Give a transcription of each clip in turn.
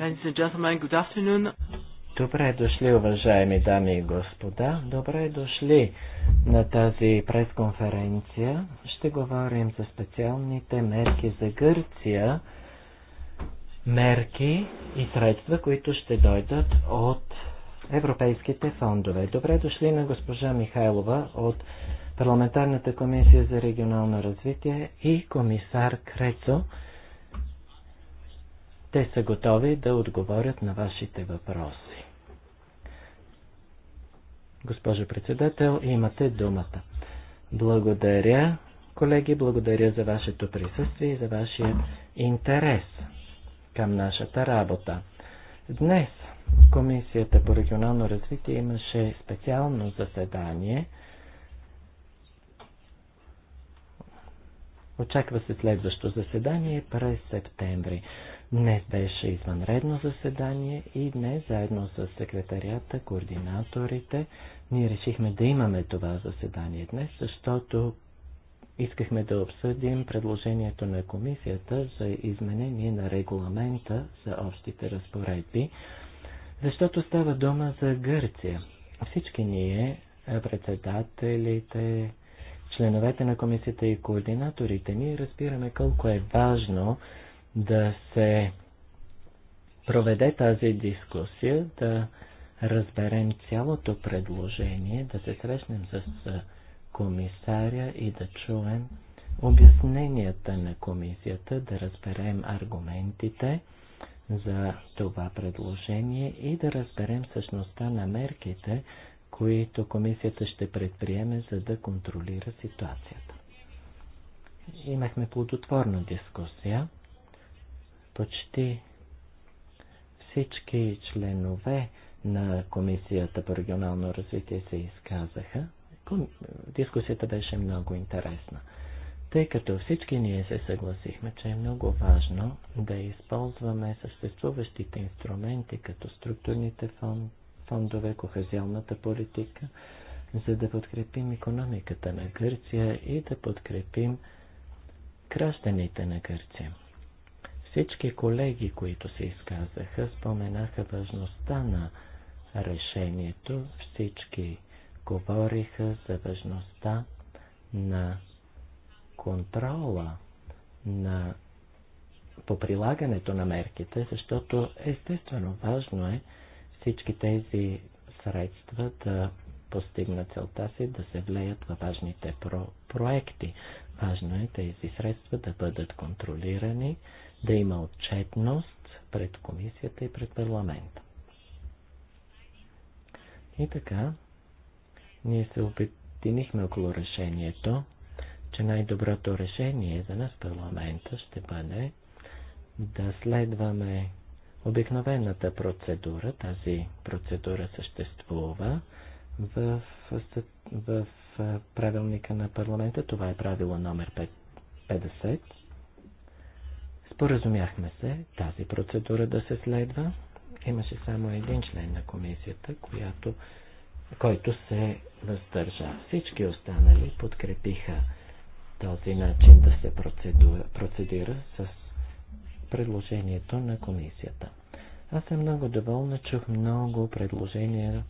Ladies and gentlemen, good afternoon. Добре дошли, уважаеми дами и господа. Добре дошли на тази пресконференция. Ще говорим за специалните мерки за Гърция. Мерки и средства, които ще дойдат от европейските фондове. Добре дошли на госпожа Михайлова от Парламентарната комисия за регионално развитие и комисар Крецо те са готови да отговорят на вашите въпроси. Госпожо председател, имате думата. Благодаря, колеги, благодаря за вашето присъствие и за вашия интерес към нашата работа. Днес Комисията по регионално развитие имаше специално заседание. Очаква се следващо заседание през септември. Днес беше извънредно заседание и днес заедно с секретарията, координаторите, ние решихме да имаме това заседание днес, защото искахме да обсъдим предложението на комисията за изменение на регламента за общите разпоредби, защото става дума за Гърция. Всички ние, председателите, членовете на комисията и координаторите, ние разбираме колко е важно да се проведе тази дискусия, да разберем цялото предложение, да се срещнем с комисаря и да чуем обясненията на комисията, да разберем аргументите за това предложение и да разберем същността на мерките, които комисията ще предприеме, за да контролира ситуацията. Имахме плодотворна дискусия. Почти всички членове на Комисията по регионално развитие се изказаха. Дискусията беше много интересна, тъй като всички ние се съгласихме, че е много важно да използваме съществуващите инструменти, като структурните фон, фондове, кохезионната политика, за да подкрепим економиката на Гърция и да подкрепим гражданите на Гърция. Всички колеги, които се изказаха, споменаха важността на решението. Всички говориха за важността на контрола на по прилагането на мерките, защото естествено важно е всички тези средства да постигнат целта си, да се влеят във важните про- проекти. Важно е тези средства да бъдат контролирани да има отчетност пред комисията и пред парламента. И така, ние се обединихме около решението, че най-доброто решение за нас парламента ще бъде да следваме обикновената процедура. Тази процедура съществува в, в, в правилника на парламента. Това е правило номер 5, 50. Поразумяхме се тази процедура да се следва. Имаше само един член на комисията, която, който се въздържа. Всички останали подкрепиха този начин да се процедура, процедира с предложението на комисията. Аз съм много доволна, чух много предложения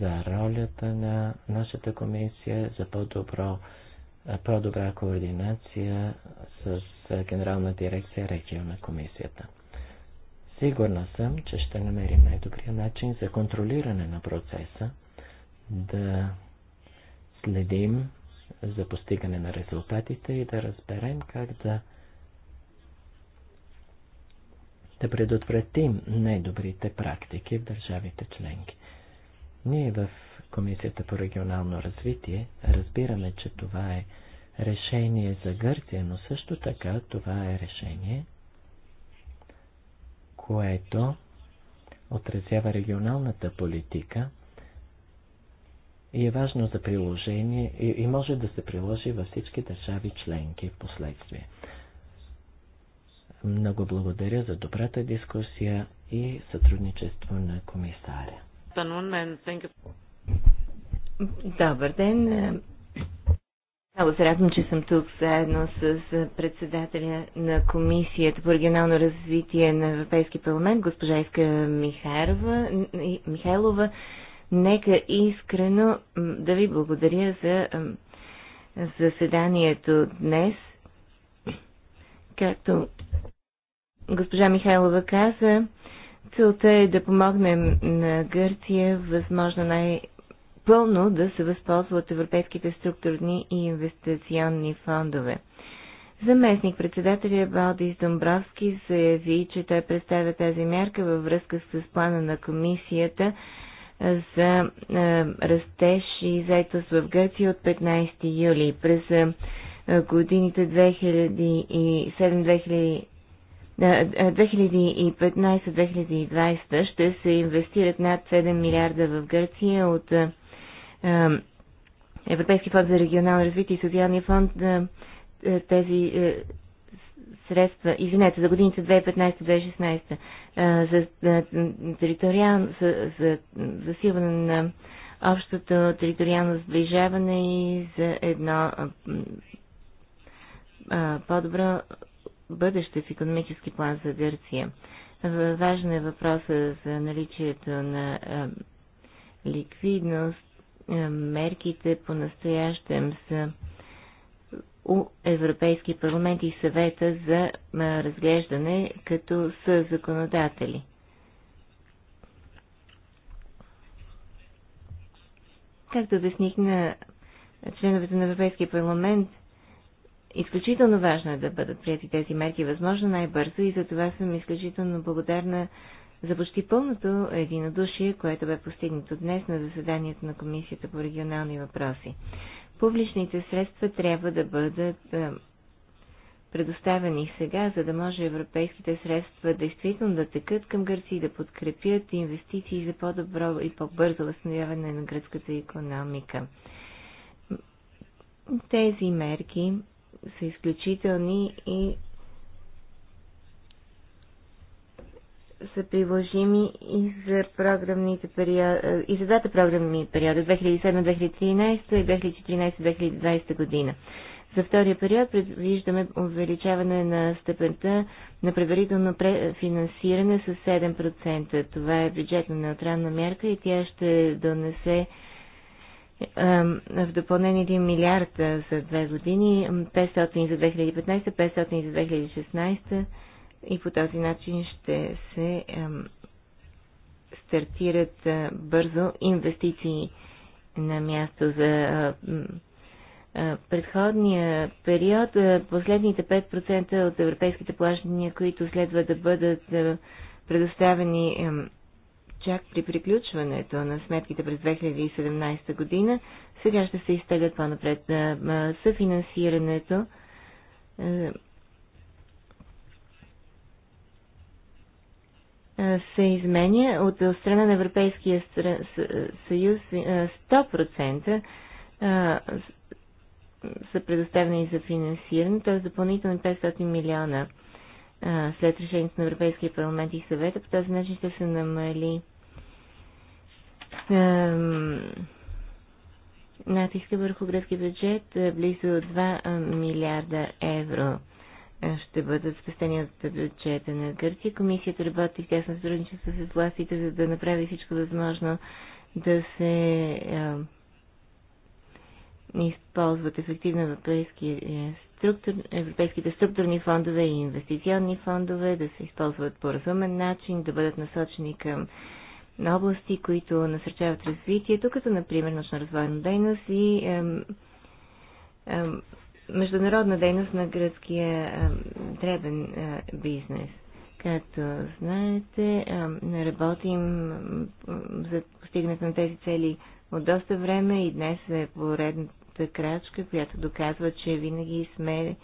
за ролята на нашата комисия за по-добро по-добра координация с Генерална дирекция Регио на комисията. Сигурна съм, че ще намерим най-добрия начин за контролиране на процеса, да следим за постигане на резултатите и да разберем как да, да предотвратим най-добрите практики в държавите членки. Ние в Комисията по регионално развитие, разбираме, че това е решение за Гърция, но също така това е решение, което отразява регионалната политика и е важно за приложение и, и може да се приложи във всички държави членки в последствие. Много благодаря за добрата дискусия и сътрудничество на комисаря. Добър ден. Много се радвам, че съм тук заедно с председателя на Комисията по регионално развитие на Европейски парламент, госпожа Иска Михайлова. Михайлова. Нека искрено да ви благодаря за заседанието днес. Както госпожа Михайлова каза, целта е да помогнем на Гърция възможно най- пълно да се възползва от европейските структурни и инвестиционни фондове. Заместник председателя Балдис Домбровски заяви, че той представя тази мярка във връзка с плана на комисията за растеж и заетост в Гърция от 15 юли. През годините 2007-200 2015-2020 ще се инвестират над 7 милиарда в Гърция от Европейски фонд за регионално развитие и социалния фонд тези средства, извинете, за годините 2015-2016, за, териториал, за, засилване на общото териториално сближаване и за едно по-добро бъдеще в економически план за Гърция. Важен е въпросът за наличието на ликвидност мерките по настоящем са у Европейски парламент и съвета за разглеждане като са законодатели. Както обясних на членовете на Европейския парламент, изключително важно е да бъдат прияти тези мерки възможно най-бързо и за това съм изключително благодарна за почти пълното единодушие, което бе постигнато днес на заседанието на Комисията по регионални въпроси. Публичните средства трябва да бъдат е, предоставени сега, за да може европейските средства действително да текат към Гърция и да подкрепят инвестиции за по-добро и по-бързо възстановяване на гръцката економика. Тези мерки са изключителни и са приложими и за програмните периоди, и за двата програмни периода 2007-2013 и 2014-2020 година. За втория период предвиждаме увеличаване на степента на предварително финансиране с 7%. Това е бюджетно неутрална мерка и тя ще донесе в допълнение 1 милиард за две години, 500 за 2015, 500 за 2016 и по този начин ще се стартират е, бързо инвестиции на място за е, е, предходния период. Последните 5% от европейските плащания, които следва да бъдат предоставени чак при приключването на сметките през 2017 година, сега ще се изтеглят по-напред съфинансирането Е, се изменя от страна на Европейския съюз 100% е, е, са предоставени за финансиране, т.е. допълнителни 500 милиона след решението на Европейския парламент и съвета. По този начин ще се намали натиска върху гръцки бюджет близо 2 милиарда евро. Е, ще бъдат спестени от бюджета на Гърция. Комисията работи в тясно сътрудничество с властите, за да направи всичко възможно да се а, е, използват ефективно европейски, е, структур, европейските структурни фондове и инвестиционни фондове, да се използват по разумен начин, да бъдат насочени към на области, които насърчават развитието, като например научно-развойна дейност и международна дейност на гръцкия е, дребен е, бизнес. Както знаете, е, работим за постигането на тези цели от доста време и днес е поредната крачка, която доказва, че винаги сме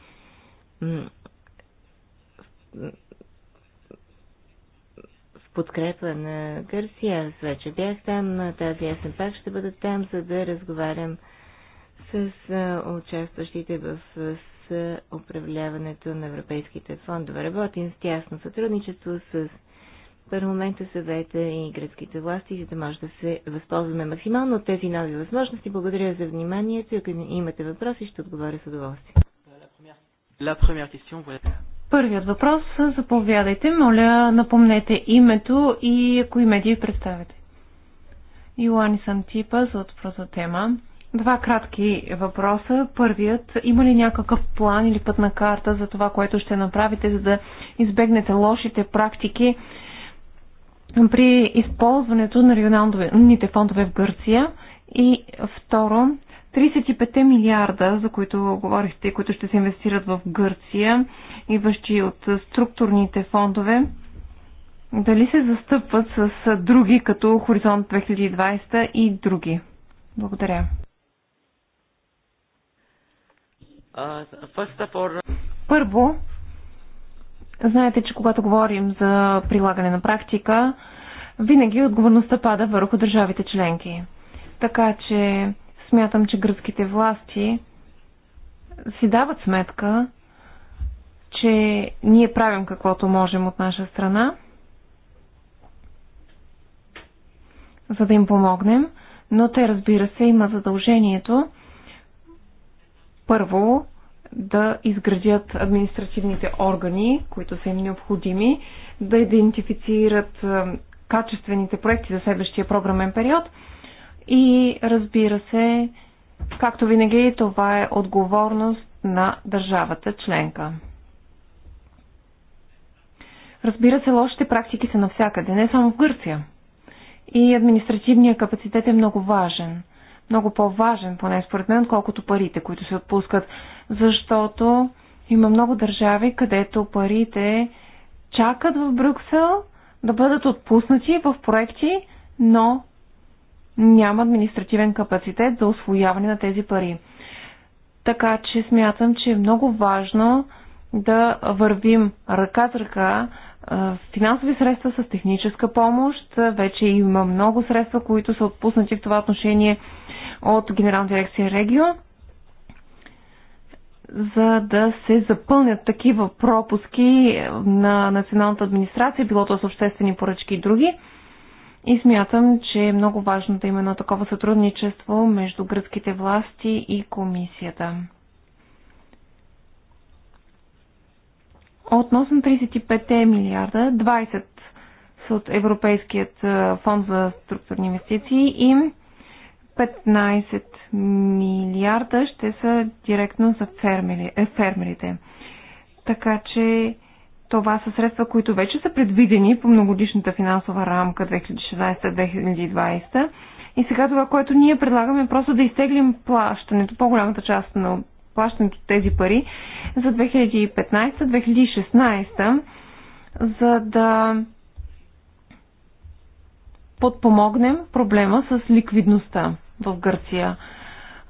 в подкрепа на Гърсия. Аз вече бях там, тази ясен пак ще бъда там, за да разговарям с участващите в с управляването на европейските фондове. Работим с тясно сътрудничество с парламента, съвета и гръцките власти, за да може да се възползваме максимално от тези нови възможности. Благодаря за вниманието ако имате въпроси, ще отговоря с удоволствие. Първият въпрос, заповядайте, моля, напомнете името и кои медии представяте. Иоанни Сантипа за отпроса тема. Два кратки въпроса. Първият, има ли някакъв план или пътна карта за това, което ще направите, за да избегнете лошите практики при използването на регионалните фондове в Гърция? И второ, 35 милиарда, за които говорихте, които ще се инвестират в Гърция, идващи от структурните фондове, дали се застъпват с други, като Хоризонт 2020 и други? Благодаря. Първо, знаете, че когато говорим за прилагане на практика, винаги отговорността пада върху държавите членки. Така че смятам, че гръцките власти си дават сметка, че ние правим каквото можем от наша страна, за да им помогнем, но те, разбира се, има задължението първо да изградят административните органи, които са им необходими, да идентифицират е, качествените проекти за следващия програмен период и разбира се, както винаги, това е отговорност на държавата членка. Разбира се, лошите практики са навсякъде, не само в Гърция. И административният капацитет е много важен много по-важен, поне според мен, отколкото парите, които се отпускат. Защото има много държави, където парите чакат в Брюксел да бъдат отпуснати в проекти, но няма административен капацитет за освояване на тези пари. Така че смятам, че е много важно да вървим ръка с ръка финансови средства с техническа помощ. Вече има много средства, които са отпуснати в това отношение от Генерална дирекция Регио, за да се запълнят такива пропуски на националната администрация, било то с обществени поръчки и други. И смятам, че е много важно да има едно такова сътрудничество между гръцките власти и комисията. Относно 35 милиарда, 20 са от Европейският фонд за структурни инвестиции и 15 милиарда ще са директно за е, фермерите. Така че това са средства, които вече са предвидени по многодишната финансова рамка 2016-2020. И сега това, което ние предлагаме е просто да изтеглим плащането, по-голямата част на плащането тези пари за 2015-2016, за да подпомогнем проблема с ликвидността в Гърция.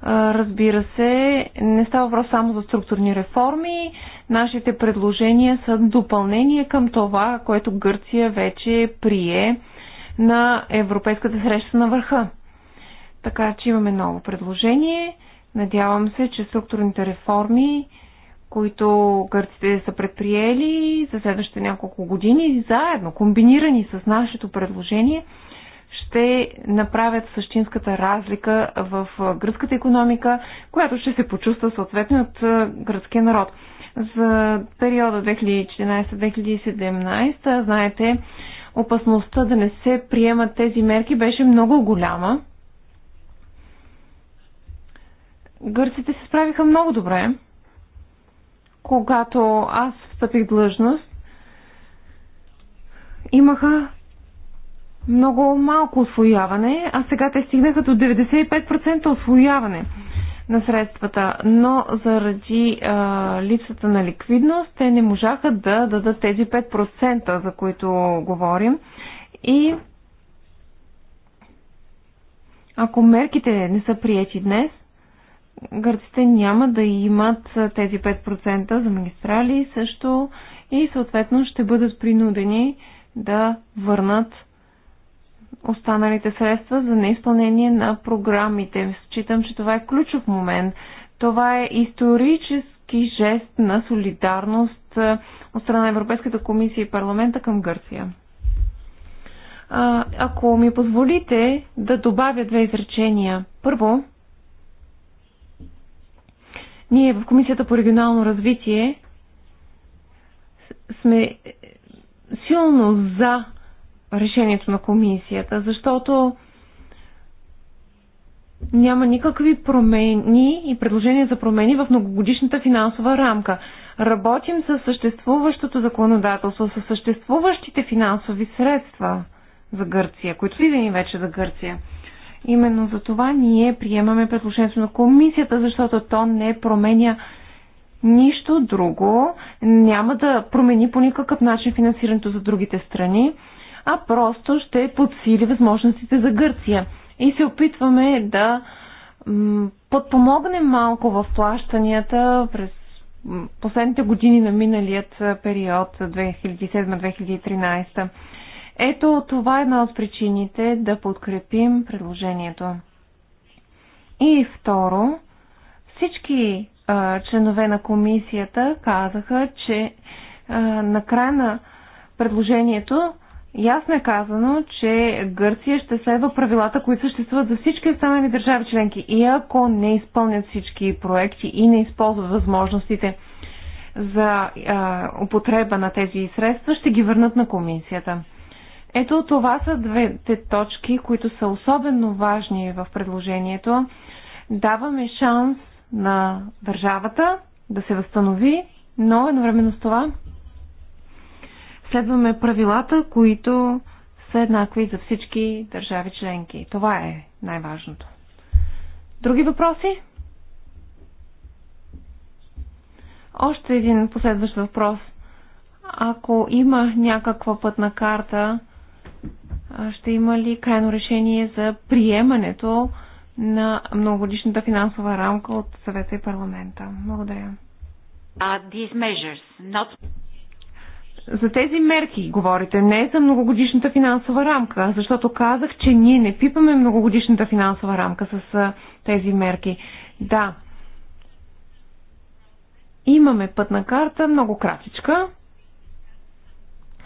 Разбира се, не става въпрос само за структурни реформи. Нашите предложения са допълнение към това, което Гърция вече прие на Европейската среща на върха. Така че имаме ново предложение Надявам се, че структурните реформи, които гърците са предприели за следващите няколко години, заедно, комбинирани с нашето предложение, ще направят същинската разлика в гръцката економика, която ще се почувства съответно от гръцкия народ. За периода 2014-2017, знаете, опасността да не се приемат тези мерки беше много голяма. гърците се справиха много добре. Когато аз встъпих длъжност, имаха много малко освояване, а сега те стигнаха до 95% освояване на средствата, но заради а, липсата на ликвидност те не можаха да дадат тези 5%, за които говорим. И ако мерките не са приети днес, гърците няма да имат тези 5% за магистрали също и съответно ще бъдат принудени да върнат останалите средства за неизпълнение на програмите. Считам, че това е ключов момент. Това е исторически жест на солидарност от страна на Европейската комисия и парламента към Гърция. Ако ми позволите да добавя две изречения. Първо, ние в Комисията по регионално развитие сме силно за решението на комисията, защото няма никакви промени и предложения за промени в многогодишната финансова рамка. Работим със съществуващото законодателство, със съществуващите финансови средства за Гърция, които са видени вече за Гърция. Именно за това ние приемаме предложението на комисията, защото то не променя нищо друго, няма да промени по никакъв начин финансирането за другите страни, а просто ще подсили възможностите за Гърция. И се опитваме да подпомогнем малко в плащанията през последните години на миналият период 2007-2013. Ето това е една от причините да подкрепим предложението. И второ, всички а, членове на комисията казаха, че а, на края на предложението ясно е казано, че Гърция ще следва правилата, които съществуват за всички останали държави членки. И ако не изпълнят всички проекти и не използват възможностите за а, употреба на тези средства, ще ги върнат на комисията. Ето това са двете точки, които са особено важни в предложението. Даваме шанс на държавата да се възстанови, но едновременно с това следваме правилата, които са еднакви за всички държави членки. Това е най-важното. Други въпроси? Още един последващ въпрос. Ако има някаква пътна карта, ще има ли крайно решение за приемането на многогодишната финансова рамка от съвета и парламента? Благодаря. Uh, these measures, not... За тези мерки говорите, не за многогодишната финансова рамка, защото казах, че ние не пипаме многогодишната финансова рамка с тези мерки. Да, имаме пътна карта, много кратичка.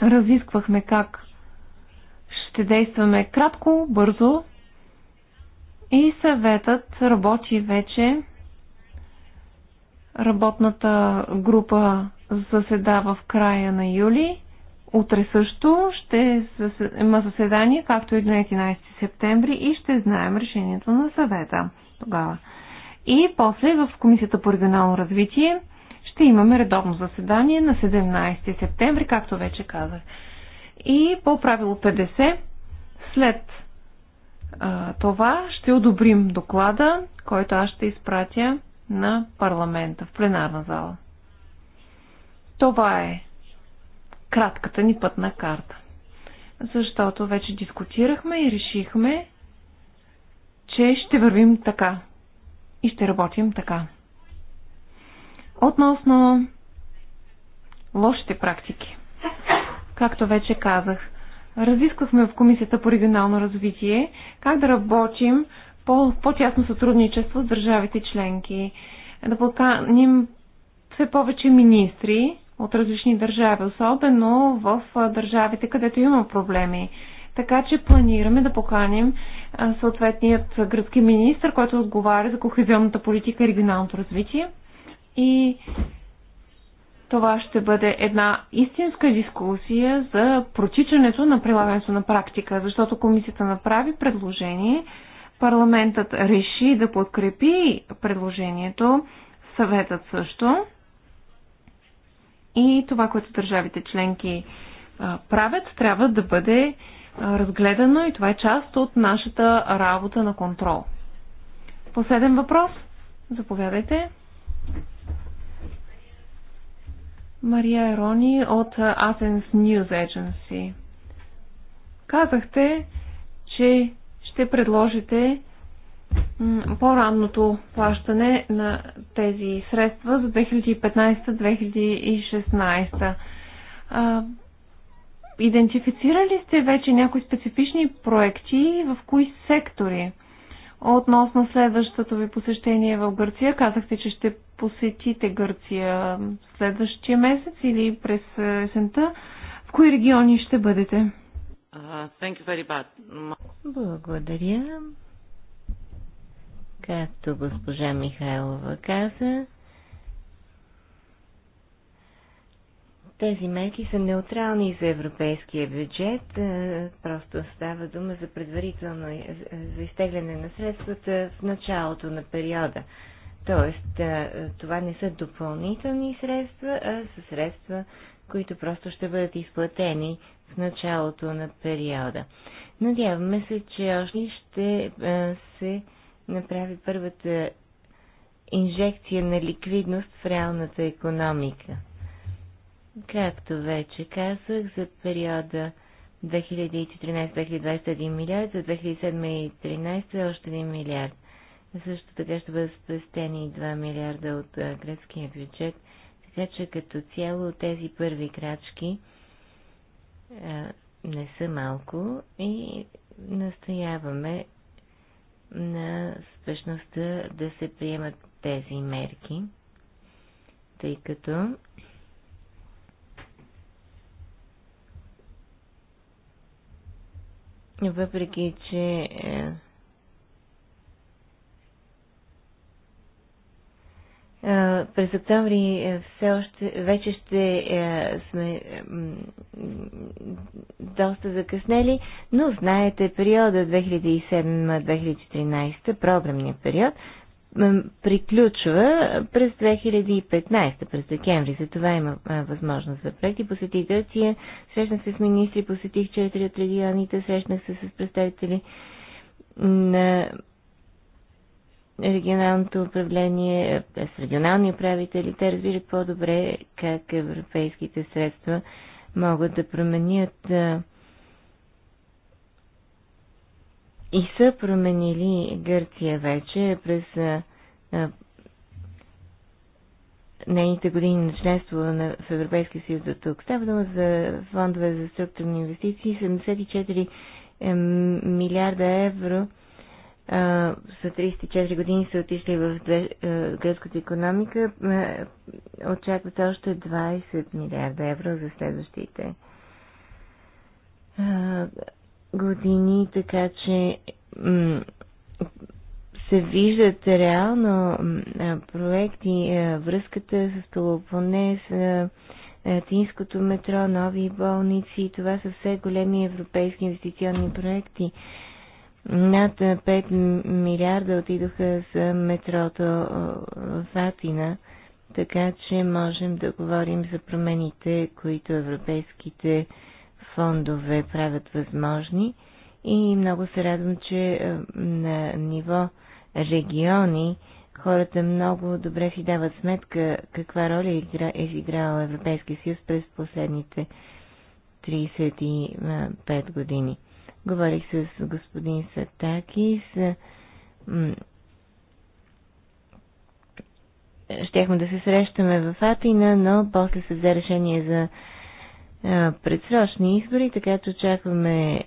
Разисквахме как ще действаме кратко, бързо и съветът работи вече. Работната група заседава в края на юли. Утре също ще има заседание, както и на 11 септември и ще знаем решението на съвета тогава. И после в Комисията по регионално развитие ще имаме редовно заседание на 17 септември, както вече казах. И по правило 50 след а, това ще одобрим доклада, който аз ще изпратя на парламента в пленарна зала. Това е кратката ни пътна карта. Защото вече дискутирахме и решихме, че ще вървим така. И ще работим така. Относно лошите практики. Както вече казах, разисквахме в Комисията по регионално развитие как да работим по, по-тясно сътрудничество с държавите членки. Да поканим все повече министри от различни държави, особено в държавите, където има проблеми. Така че планираме да поканим съответният гръцки министр, който отговаря за кохезионната политика и регионалното развитие. И това ще бъде една истинска дискусия за прочичането на прилагането на практика, защото комисията направи предложение, парламентът реши да подкрепи предложението, съветът също. И това, което държавите членки правят, трябва да бъде разгледано и това е част от нашата работа на контрол. Последен въпрос. Заповядайте. Мария Ерони от Athens News Agency. Казахте, че ще предложите по-ранното плащане на тези средства за 2015-2016. Идентифицирали сте вече някои специфични проекти в кои сектори? Относно следващото ви посещение в Гърция, казахте, че ще посетите Гърция следващия месец или през есента? В кои региони ще бъдете? Uh, Благодаря. Както госпожа Михайлова каза, тези мерки са неутрални за европейския бюджет. Е, просто става дума за предварително е, за изтегляне на средствата в началото на периода. Тоест, това не са допълнителни средства, а са средства, които просто ще бъдат изплатени в началото на периода. Надяваме се, че още ще се направи първата инжекция на ликвидност в реалната економика. Както вече казах, за периода 2014-2021 милиард, за 2007-2013 още 1 милиард. Също така ще бъдат спестени 2 милиарда от гръцкия бюджет. Така че като цяло тези първи крачки а, не са малко и настояваме на спешността да се приемат тези мерки, тъй като въпреки, че е, през октомври все още, вече ще сме доста закъснели, но знаете периода 2007-2014, програмния период, приключва през 2015, през декември. За това има възможност за проекти. Посетих Гърция, срещнах се с министри, посетих 4 от регионите, срещнах се с представители на регионалното управление, е, с регионални управители, те разбират по-добре как европейските средства могат да променят е, и са променили Гърция вече през е, нейните години на членство в Европейския съюз до тук. Става дума за фондове за структурни инвестиции. 74 милиарда евро за 34 години са отишли в е, гръцката економика, е, очакват още 20 милиарда евро за следващите е, години, така че се виждат реално проекти, връзката с Толопоне, с Атинското метро, нови болници. Това са все големи европейски инвестиционни проекти. Над 5 милиарда отидоха за метрото в Атина, така че можем да говорим за промените, които европейските фондове правят възможни. И много се радвам, че е, на ниво региони хората много добре си дават сметка каква роля е, игра, играл Европейския съюз през последните 35 е, години. Говорих с господин Сатаки, с... Щяхме да се срещаме в Атина, но после се взе решение за предсрочни избори, така че очакваме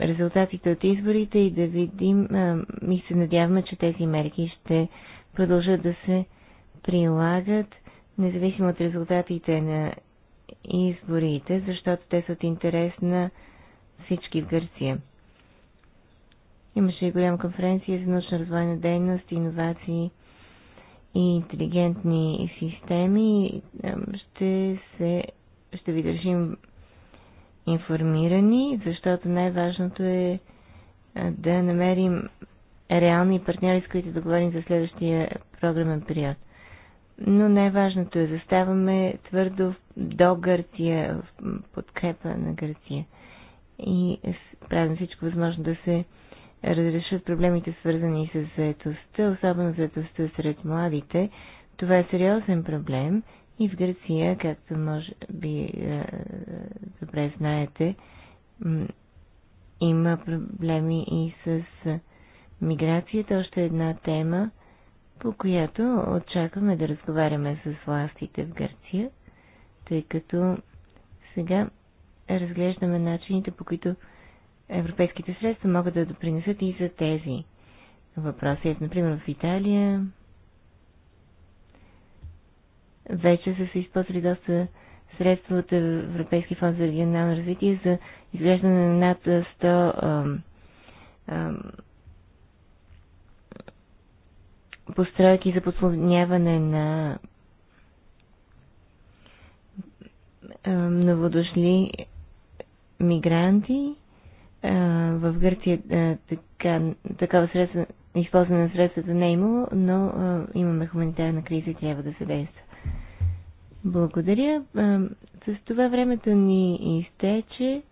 резултатите от изборите и да видим и се надяваме, че тези мерки ще продължат да се прилагат, независимо от резултатите на изборите, защото те са от интерес на всички в Гърция. Имаше и голяма конференция за научна развойна дейност, иновации и интелигентни системи. Ще, се, ще ви държим информирани, защото най-важното е да намерим реални партньори, с които да говорим за следващия програмен период. Но най-важното е заставаме твърдо до Гърция, в подкрепа на Гърция и правим всичко възможно да се разрешат проблемите, свързани с заедостта, особено заедостта сред младите. Това е сериозен проблем и в Гърция, както може би е, е, добре знаете, има проблеми и с миграцията, още една тема, по която очакваме да разговаряме с властите в Гърция, тъй като сега разглеждаме начините, по които европейските средства могат да допринесат и за тези въпроси. Ето, например, в Италия вече са се използвали доста средства от Европейски фонд за регионално развитие за изглеждане на над 100 постройки за подслоняване на новодошли мигранти. В Гърция така, такава средства, използване на средствата не е имало, но имаме хуманитарна криза и трябва да се действа. Благодаря. С това времето ни изтече.